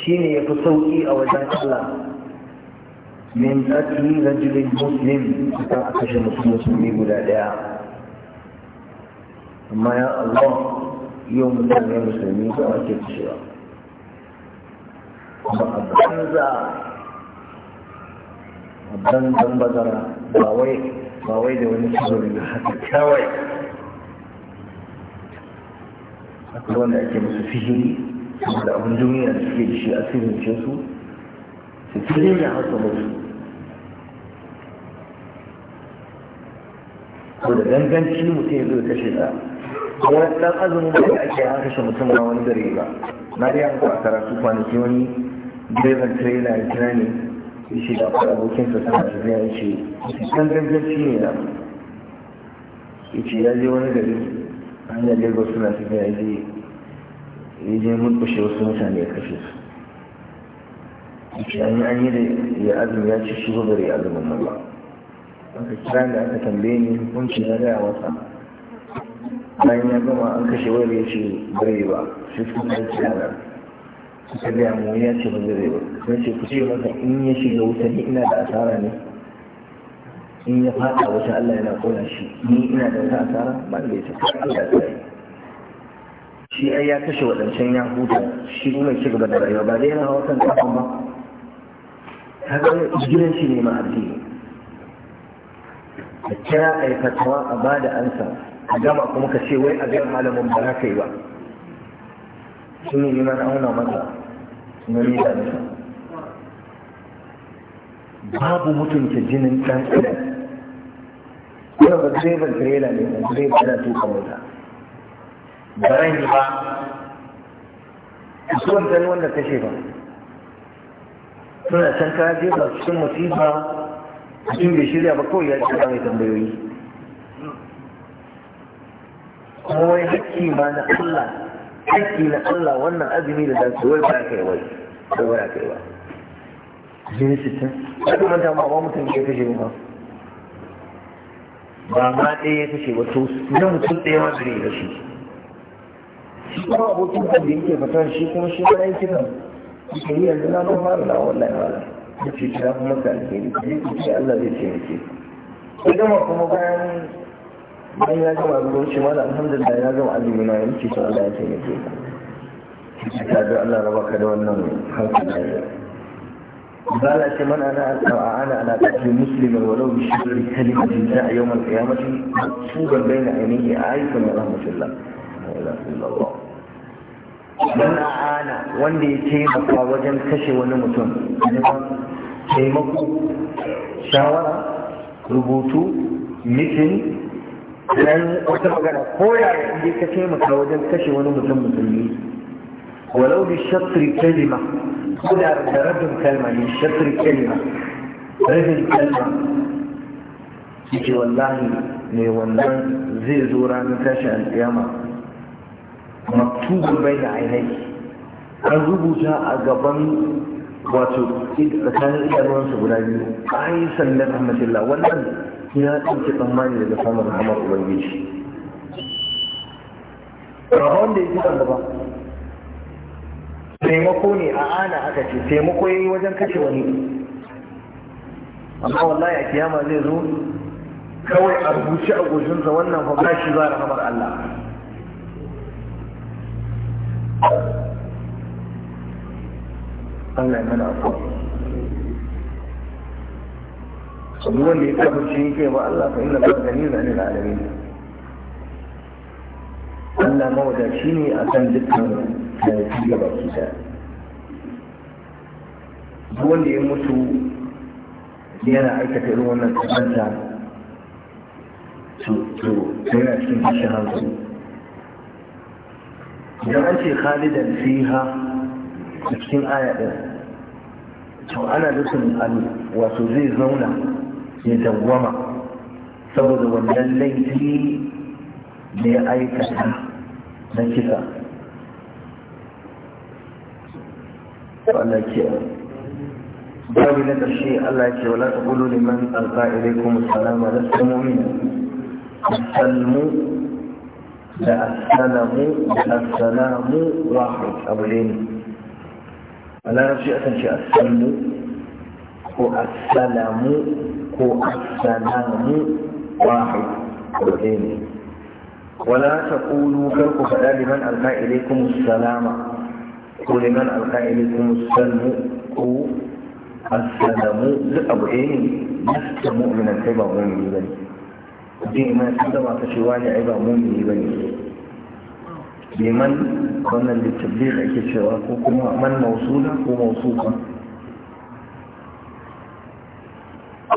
shine yafi sauki a wajen Allah min qatli rajulin muslim a kashe musulmi guda daya amma ya Allah yau mutane musulmi ga ake cewa kuma a banza dan dan bazara ba wai ba wai da wani sabari na haka kawai akwai wanda ake musu fihiri da abin duniya da suke da shi a cikin su su cire da haka musu ko da ganganci mutum ya zo kashe ta wani ɗan azumin da ake an kashe mutum na wani dare ba na dai an kwa karatu kwanaki wani direban trailer ya kira ne shi da akwai abokin sa suna tafiya ya ce kan gangarci ne na ya ce ya je wani gari hanyar lagos suna tafiya ya je ya je mulkushe wasu mutane ya kashe su an an yi da ya azumi ya ce shi ba bari azumin nan ba aka kira da aka tambaye ni hukunci na gaya masa bayan ya gama an kashe wani ya ce bari ba shi suka kai kira suka gaya mu ya ce ba zai ba don ce ku ce masa in ya shiga wuta ni ina da asara ne in ya fada wata Allah yana kona shi ni ina da wata asara ba da ita kai Allah ya yi shi ai ya kashe waɗancan ya huta shi kuma ya ci da rayuwa ba dai yana hawa kan kafan ba ta ga gidan shi ne ma addini a kira aikatawa a bada ansa a gama kuma ka ce wai a ga malamin ba za ka yi ba shi ne iman auna masa na nisa nisa babu mutunta jinin ɗan adam kuma ba direban tirela ne ba direba yana tuka mota baran yi ba kusuran gani wanda kashe ba suna can ka jefa cikin musiba mutum bai shirya ba kawai ya ce mai tambayoyi kuma wani hakki ma na Allah aiki na Allah wannan azumi da za su wai ba kai wai ko ba kai ba jini shi ta kuma ta ma mutum ke kashe ba ba ma ɗaya ya kashe ba to na mutum ɗaya ma zuri da shi shi kuma abokin da yake fitar shi kuma shi ba yake nan ke yi yanzu na ba da na wallahi wala ya ce kira kuma ka alheri ka yi Allah zai ce ke Idan kuma bayan bayan ya gama ruwan shi mana alhamdulillah ya gama azumi na yanki to Allah ya taimake ka ta ga Allah raba ka da wannan hankali bala ce mana na ana ana kafi muslimin walau bi shirri kalimatin za a yau mal kiyamati tuban baina ainihi a aikin rahmatullah man ana wanda ya taimaka wajen kashe wani mutum taimako shawara rubutu mitin nan wata magana ko ya je ka taimaka wajen kashe wani mutum musulmi walau bi shatri kalima ko da rabin kalma ne shatri kalima rabin kalma yake wallahi mai wannan zai zo ranar tashi alƙiyama maktubun bai da ainihi an rubuta a gaban wato tsakanin idanuwansa guda biyu ayin sallar rahmatullah wannan ya ɗauke tsammani daga samun rahamar ubangiji rahon da ya ji ɗan gaba taimako ne a ana aka ce taimako ya yi wajen kashe wani amma wallahi a kiyama zai zo kawai a rubuce a goshinsa wannan fa ba shi ba rahamar Allah Allah ya mana afuwa duk wanda ya kafirce ke ba Allah fa inna Allah gani zani na alamin Allah shi ne a akan dukkan halittu ga baki daya duk wanda ya mutu yana aikata irin wannan kazanta to to yana cikin tashin hankali idan an ce khalidan fiha a cikin aya din to ana nufin al wato zai zauna ya dawwama saboda wannan laifi ne aikata na kisa Allah ke babu na ƙarshe Allah ke wala ta ƙulu liman alƙa ilaikum salama da samomin salmu da assalamu da assalamu wa abu ne a larabci akan ce assalmu ko assalamu ko ahsanani wahid ko ne wala taqulu kar karku faɗa liman alqa ilaykum salama ko liman alqa ilaykum salmu ko assalamu duk abu ɗaya ne lasta mu'minan kai ba mu'mini bane din iman sallama ta ce wani ai ba ba ne. bane man wannan da ake cewa ko kuma man mausula ko mausuka?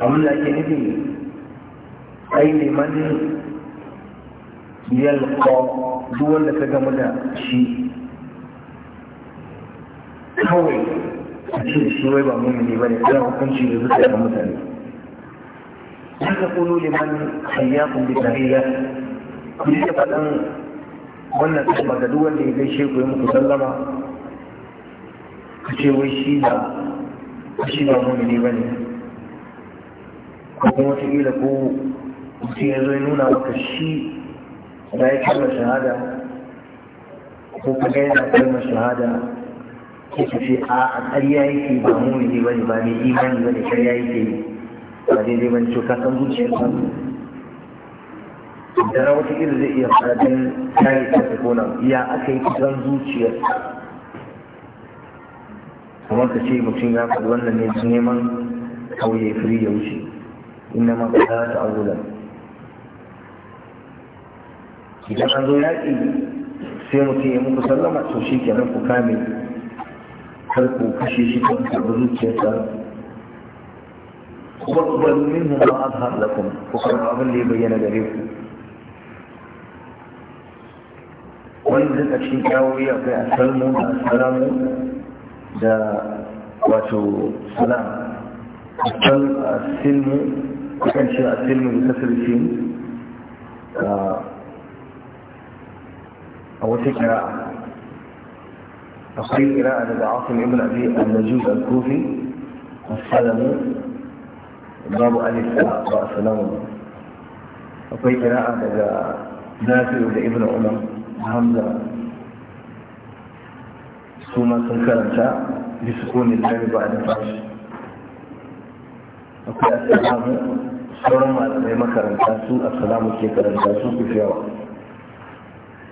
abin da ake nufi ai liman yalqa duk wanda ka gamu da shi kawai a ce shi wai ba mumini ba ne ɗan hukunci da zuciya ga mutane sai ka kuno liman hayyakun bi tahiyya ku ji faɗan wannan kalma ga duk wanda ya gaishe ku yi muku sallama ka ce wai shi ba shi ba mumini ba ne Kuma kuma wataƙila ko mutum ya zo ya nuna maka shi da ya kalmar shahada ko ka ga yana kalmar shahada ko ka ce a ƙarya yake ba mu ne ba ne ba ne imani ba ne ƙarya yake ba ne ba ne to zuciya san zuciyar sa da wataƙila zai iya faɗin kayi kansa ko nan ya aka yi kusan zuciyar Kuma ka ce mutum ya faɗi wannan ne su neman kauye firi ya wuce إنما كان أولا إذا أن يأتي سيمو سيمتي يمك سلمة سوشيك ينفق كامل كركو كشيشك وكبروك يسار وقبل منه ما أظهر لكم وقرأ أبن لي بيّن جريكم وانزل أشي كاوية بأسلم السلام دا واتو سلام السلم كان شيء السلم بكسر الشين آه، أو تقراء أخي قراءة لعاصم ابن أبي النجود الكوفي السلمي باب ألف باء سلام أخي قراءة نافع ابن عمر همزة ثم سنكرت بسكون الباب بعد الفرش أخي السلام sauran malamai makaranta su السلام ke karanta su ku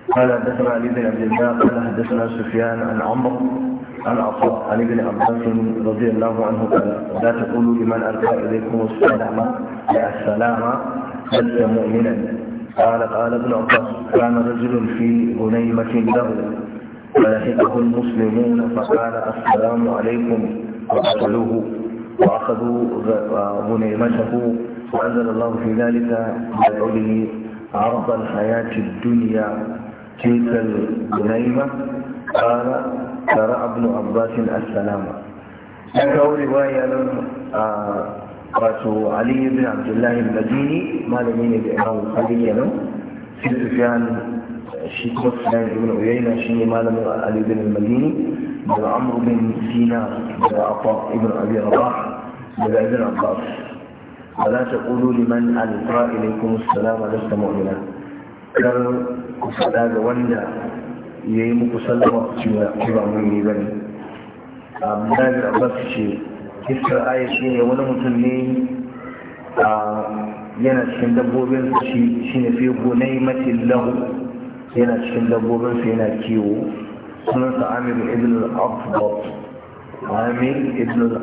قال حدثنا علي بن عبد الله قال حدثنا سفيان عن عمرو عن عطاء علي بن عباس رضي الله عنه قال لا تقولوا لمن القى اليكم السلام يا السلام لست مؤمنا قال قال ابن عباس كان رجل في غنيمه له فلحقه المسلمون فقال السلام عليكم وقتلوه واخذوا غنيمته وأنزل الله في ذلك بقوله عرض الحياة الدنيا تلك الغنيمة قال ترى ابن عباس السلام ذكروا رواية آه، رسول علي بن عبد الله المديني ما لم لمين بإمام الخلية في سفيان شيخ مسلم بن عيينة شيني ما لم علي بن المديني بن عمرو بن سينا بن عطاء بن أبي رباح بن عبد عباس ولا تقولوا لمن ألقى إليكم السلام لست مؤمنا كر كسلا جواندا يمك سلم كبا مني بني عبد الله شيء kisar aya shi ne wani mutum ne yana cikin dabbobin shi ne fi gunai matin lahu yana cikin dabbobin su yana kiwo sunansa amir ibn al-abdot amir ibn al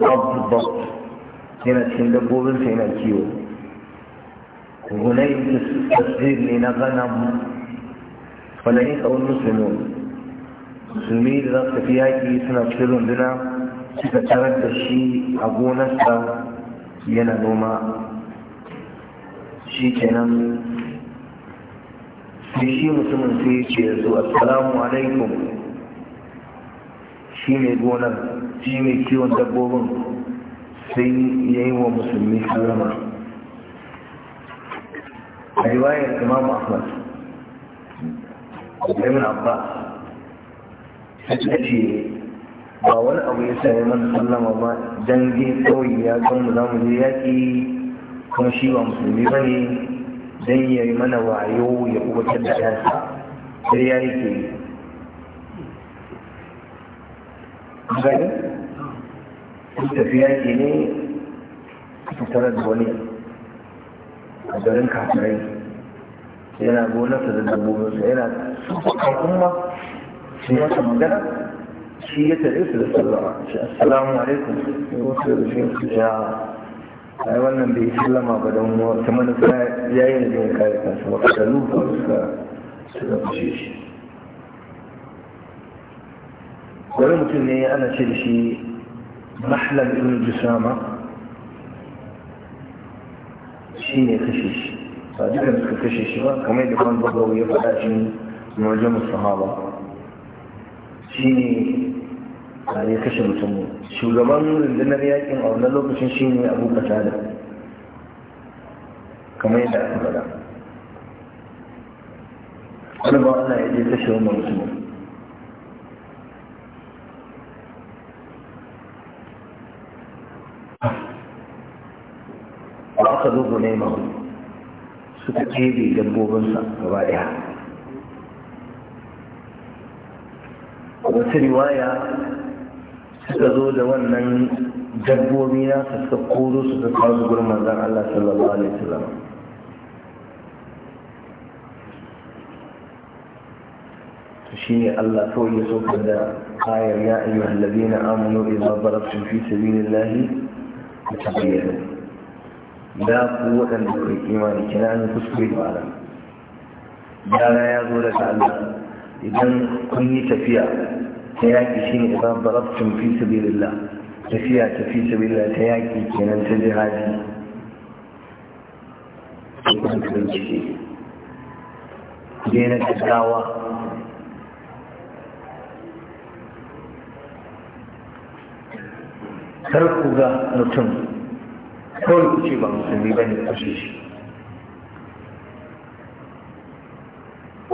yana cikin dabbobinsa yana kiwo gunai tasir ne na ganam falayin tsawon musulmi musulmi da za su tafi yaƙi suna cikin runduna suka tarar da shi a gonarsa yana noma shi kenan sai shi mutumin sai ce su assalamu alaikum shi mai gonar shi mai kiwon dabbobin sai ya yi wa musulmi sallama a riwayar imam ahmad ibn abbas ya ce ba wani abu ya sami mana sallama ba dangi kawai ya gan mu za mu je yaƙi kuma shi ba musulmi ba ne don ya yi mana wayo ya kubutar da yansa sai ya yi ke yi sun tafiya ke ne su tarar da wani a garin kafirai yana gonarsa da dabbobinsa yana sukan ba, sun masa magana shi ya tare su da sallama shi assalamu alaikum ya wasu da shi su ja ah, ai wannan bai sallama ba don ta manufa ya yi da ya kare kansa ba ka lufa suka suka kushe shi wani mutum ne ana ce da shi محلى ابن جسامة شين يخشش فاجئ كنت كخشش كما يدخل بضوء يفعاشين من وجم الصحابة شين يخشب يعني تمو شو قبان نور اللي نبي يأكين أو لا لوك شين أبو قتالة كما يدخل بضوء أنا بقى الله يجي تشير من أخذوا غنيمهم ستجيبي جنبوهن فوائها وفي رواية ستزود ومن جنبو بنا ستقولوا ستقولوا ستقولوا ماذا الله صلى الله عليه وسلم شيني الله فوق يسوع كذا آية يا أيها الذين آمنوا إذا ضربتم في سبيل الله فتبينوا da ku waɗanda kai yi imani kina ne kuskure ba nan yara ya zo daga Allah idan kun yi tafiya ta yaƙi shi ne ba barabtun fi sabilillah tafiya ta fi sabilillah ta yaƙi kenan ta jihadi kun bincike daina gaggawa kar ku ga mutum كل شيء مسلم يبان الحشيش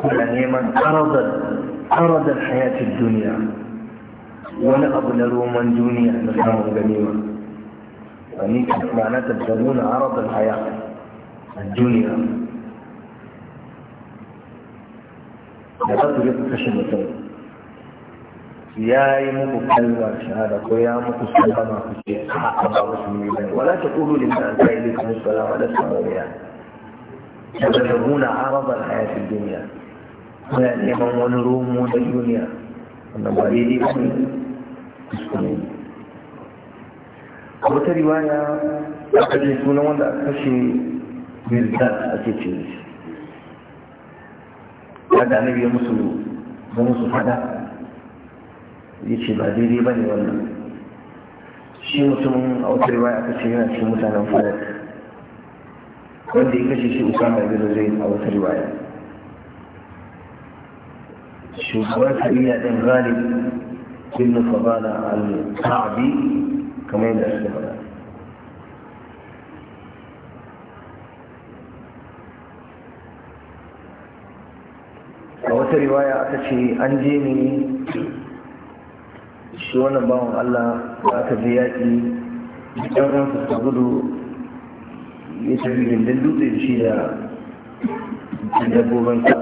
يعني من عرض عرض الحياة الدنيا ولا أبلر من دنيا نسمع الجميع يعني معناتها تبدلون عرض الحياة الدنيا لا تريد فشل الدنيا ya yi muku kalmar shahada ko ya muku sallama ku ce a ba musulmi ba ne wala ta kulu liman an kai ne kuma sallama da samariya daga da nuna arabar hayatin duniya muna neman wani romo da duniya wanda ba daidai ba ne kuskure a wata riwaya a kashe sunan wanda a kashe mirzal ake ce ne ya da annabi ya musu fada ya ce ba daidai ba ne wannan shi mutum a wata riwaya aka ce yana cikin mutanen fadak wanda ya kashe shi usama ibn zai a wata riwaya shugaban kabila din nufa ibn fadala al taabi kamar yadda suka faɗa a wata riwaya aka ce an je ne shi wannan bawan Allah da aka je yaƙi ɗan uwansa ta gudu ya tafi gindin dutse da shi da dabbobinsa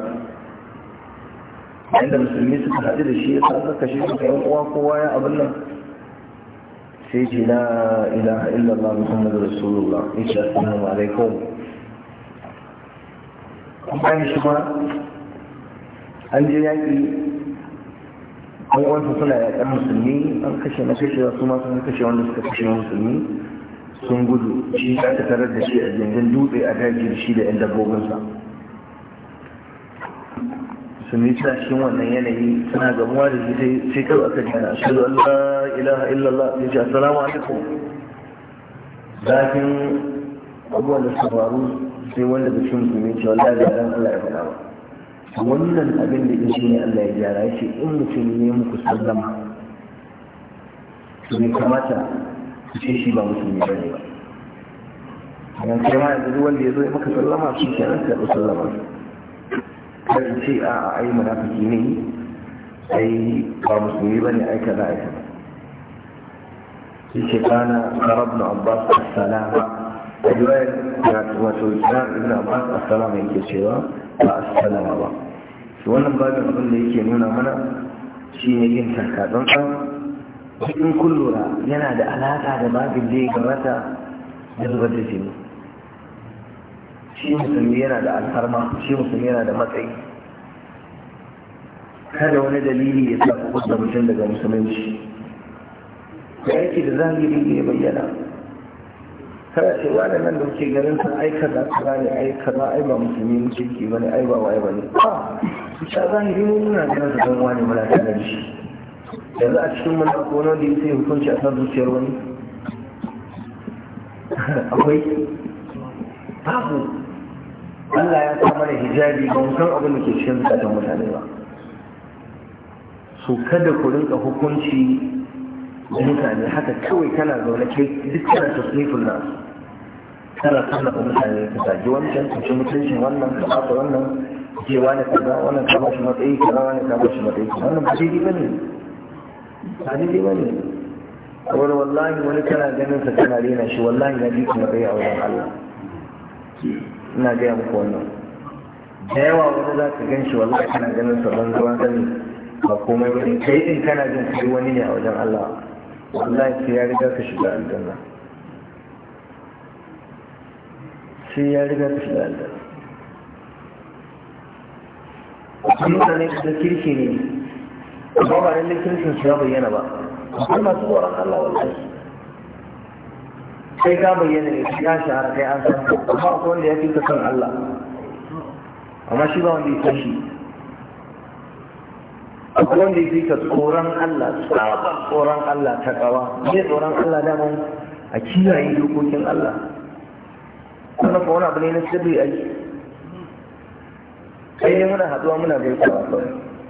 yadda musulmi suka haɗu da shi ya sa kashe suka yan uwa kowa ya abin nan sai ce la ilaha illallah muhammad rasulullah ya ce assalamu alaikum bayan shi ma an je yaƙi an wansu suna yaƙar musulmi an kashe na kashe su ma sun kashe wanda suka kashe musulmi sun gudu shi za ta tarar da shi a gindin dutse a daji da shi da yan dabbobinsa Sun yi suna cikin wannan yanayi suna gamuwa da shi sai kawai aka jana ashhadu an la ilaha illallah ya ce assalamu alaikum zafin abubuwan da suka faru sai wanda da cikin musulmi ce wallahi da Allah ya faɗa ba wannan abin da ya shi ne Allah ya gyara ya ce in mutum ne muku sallama to ne kamata su ce shi ba musulmi ba ne ba yan kai ma yanzu wanda ya zo ya maka sallama shi ke nan karɓi sallama kar in ce a a ai munafiki ne ai ba musulmi ba ne ai kaza ai kaza shi ce kana karabnu abbas salama a riwayar wato kiran ibn abbas assalama yake cewa ba a sallama ba shi wannan babin abin da yake nuna mana shi ne yin takatsantsan in cikin kullura yana da alaƙa da babin da ya gabata da zubar da jini shi musulmi yana da alfarma shi musulmi yana da matsayi kada wani dalili ya sa da mutum daga musulunci da yake da zahiri ne bayyana kana ce wa nan da muke ganin sun ai kaza kaza ne ai kaza ai ba musulmi ne kirki ba ne ai ba wai ba ne ba su sha zahiri mu muna da su dan wani mana ta da shi yanzu a cikin mana ko da yake hukunci a san zuciyar wani akwai babu Allah ya sa mana hijabi ba mu san abin da ke cikin zukatan mutane ba su kada ku rinka hukunci mutane haka kawai kana zaune kai duk kana tasnifin nasu tana sanar da mutane ta zagi wancan ka ci mutuncin wannan ka ɓata wannan cewa ne kaza wannan ka ba shi matsayi kaza wani ne ba shi matsayi kaza wannan ba daidai ba ne ba daidai ba ne wani wallahi wani kana ganin sa tana rena shi wallahi na ji matsayi a wajen Allah ina gaya muku wannan da yawa wani za ka gan shi wallahi kana ganin sa ban zuwa gani ba komai ba ne kai din kana jin kai wani ne a wajen Allah wallahi sai ya riga ka shiga aljanna sai ya riga ka shiga aljanna akwai mutane da kirki ne amma ba lallai kirkin su ya bayyana ba akwai masu tsoron Allah wallahi sai ka bayyana ne ya shahara kai an san amma akwai wanda ya fi ka san Allah amma shi ba wanda ya san shi akwai wanda ya fi ka tsoron Allah tsoron Allah ta kawa ne tsoron Allah daman a kiyaye dokokin Allah wannan kuma wani abu ne na sirri a yi kai ne muna haɗuwa muna gaisawa ba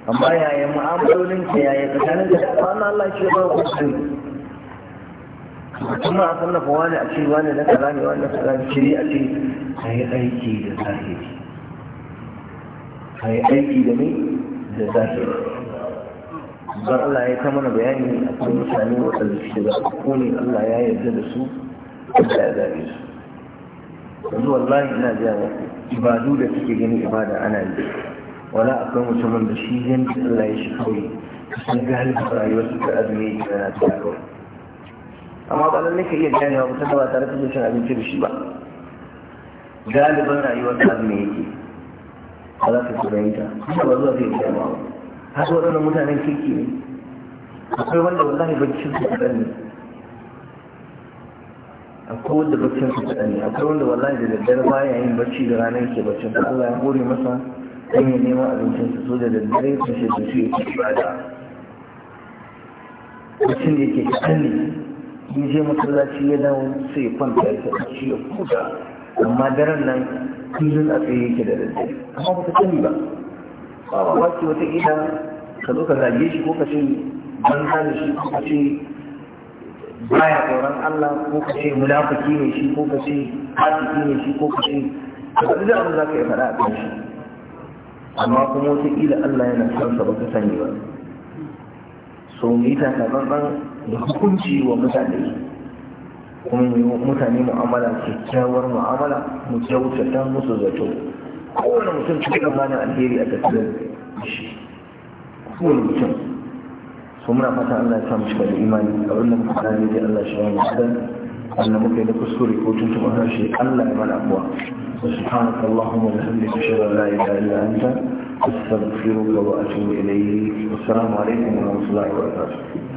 amma yaya mu'amalolin ka yaya tsakanin ka da na Allah shi ba ku sirri kuma a sannafa wani a ce wani na kaza ne wani na kaza ne shiri a ce ka yi aiki da zahiri ka yi aiki da mai da zahiri bar Allah ya ta mana bayani a kan mutane waɗanda suke da ne Allah ya yarda da su Allah ya zabe su yanzu wallahi ina jiya ibadu da suke gani ibada ana yi wala akwai mutumin da shi yanzu Allah ya shi kawai kusan galibin rayuwarsa ta azumi da na ta kawai amma ba lallai ka iya ganewa ba da ba tare da cin abinci da shi ba galibin rayuwar ta azumi yake ba za ka ta. kuma ba zuwa zai iya ba har waɗannan mutanen kirki ne akwai wanda wallahi baccin su ne akwai wanda baccin su tsadani akwai wanda wallahi da daddare baya yin bacci da ranar ke baccin su Allah ya hore masa don ya nema abincin su so da daddare su ce su su yake ibada baccin da yake tsadani in je masallaci ya dawo sai ya kwanta ya ta bacci ya kuka amma daren nan kullun a tsaye yake da daddare amma ba ta tsani ba ba ba ce wata ila ka zo ka zage shi ko ka ce ban da shi ko ka ce baya tsoron Allah ko ka ce mulafaki ne shi ko ka ce fasiki ne shi ko ka ce ba da abin za ka yi faɗa a kan shi amma kuma wata ila Allah yana son sa baka sani ba so mu yi takatsantsan da hukunci wa mutane kuma mu yi mutane mu'amala kyakkyawar mu'amala mu kyautata musu zato kowane mutum cikin zamanin alheri a tattalin shi kowane mutum so muna fata Allah ya samu shi da imani abin da muka fara ne dai Allah shi ya mu a wannan muka yi da kuskure ko tuntuɓar harshe Allah ya mana abuwa سبحانك اللهم وبحمدك اشهد ان لا اله الا انت استغفرك واتوب اليك والسلام عليكم ورحمه الله وبركاته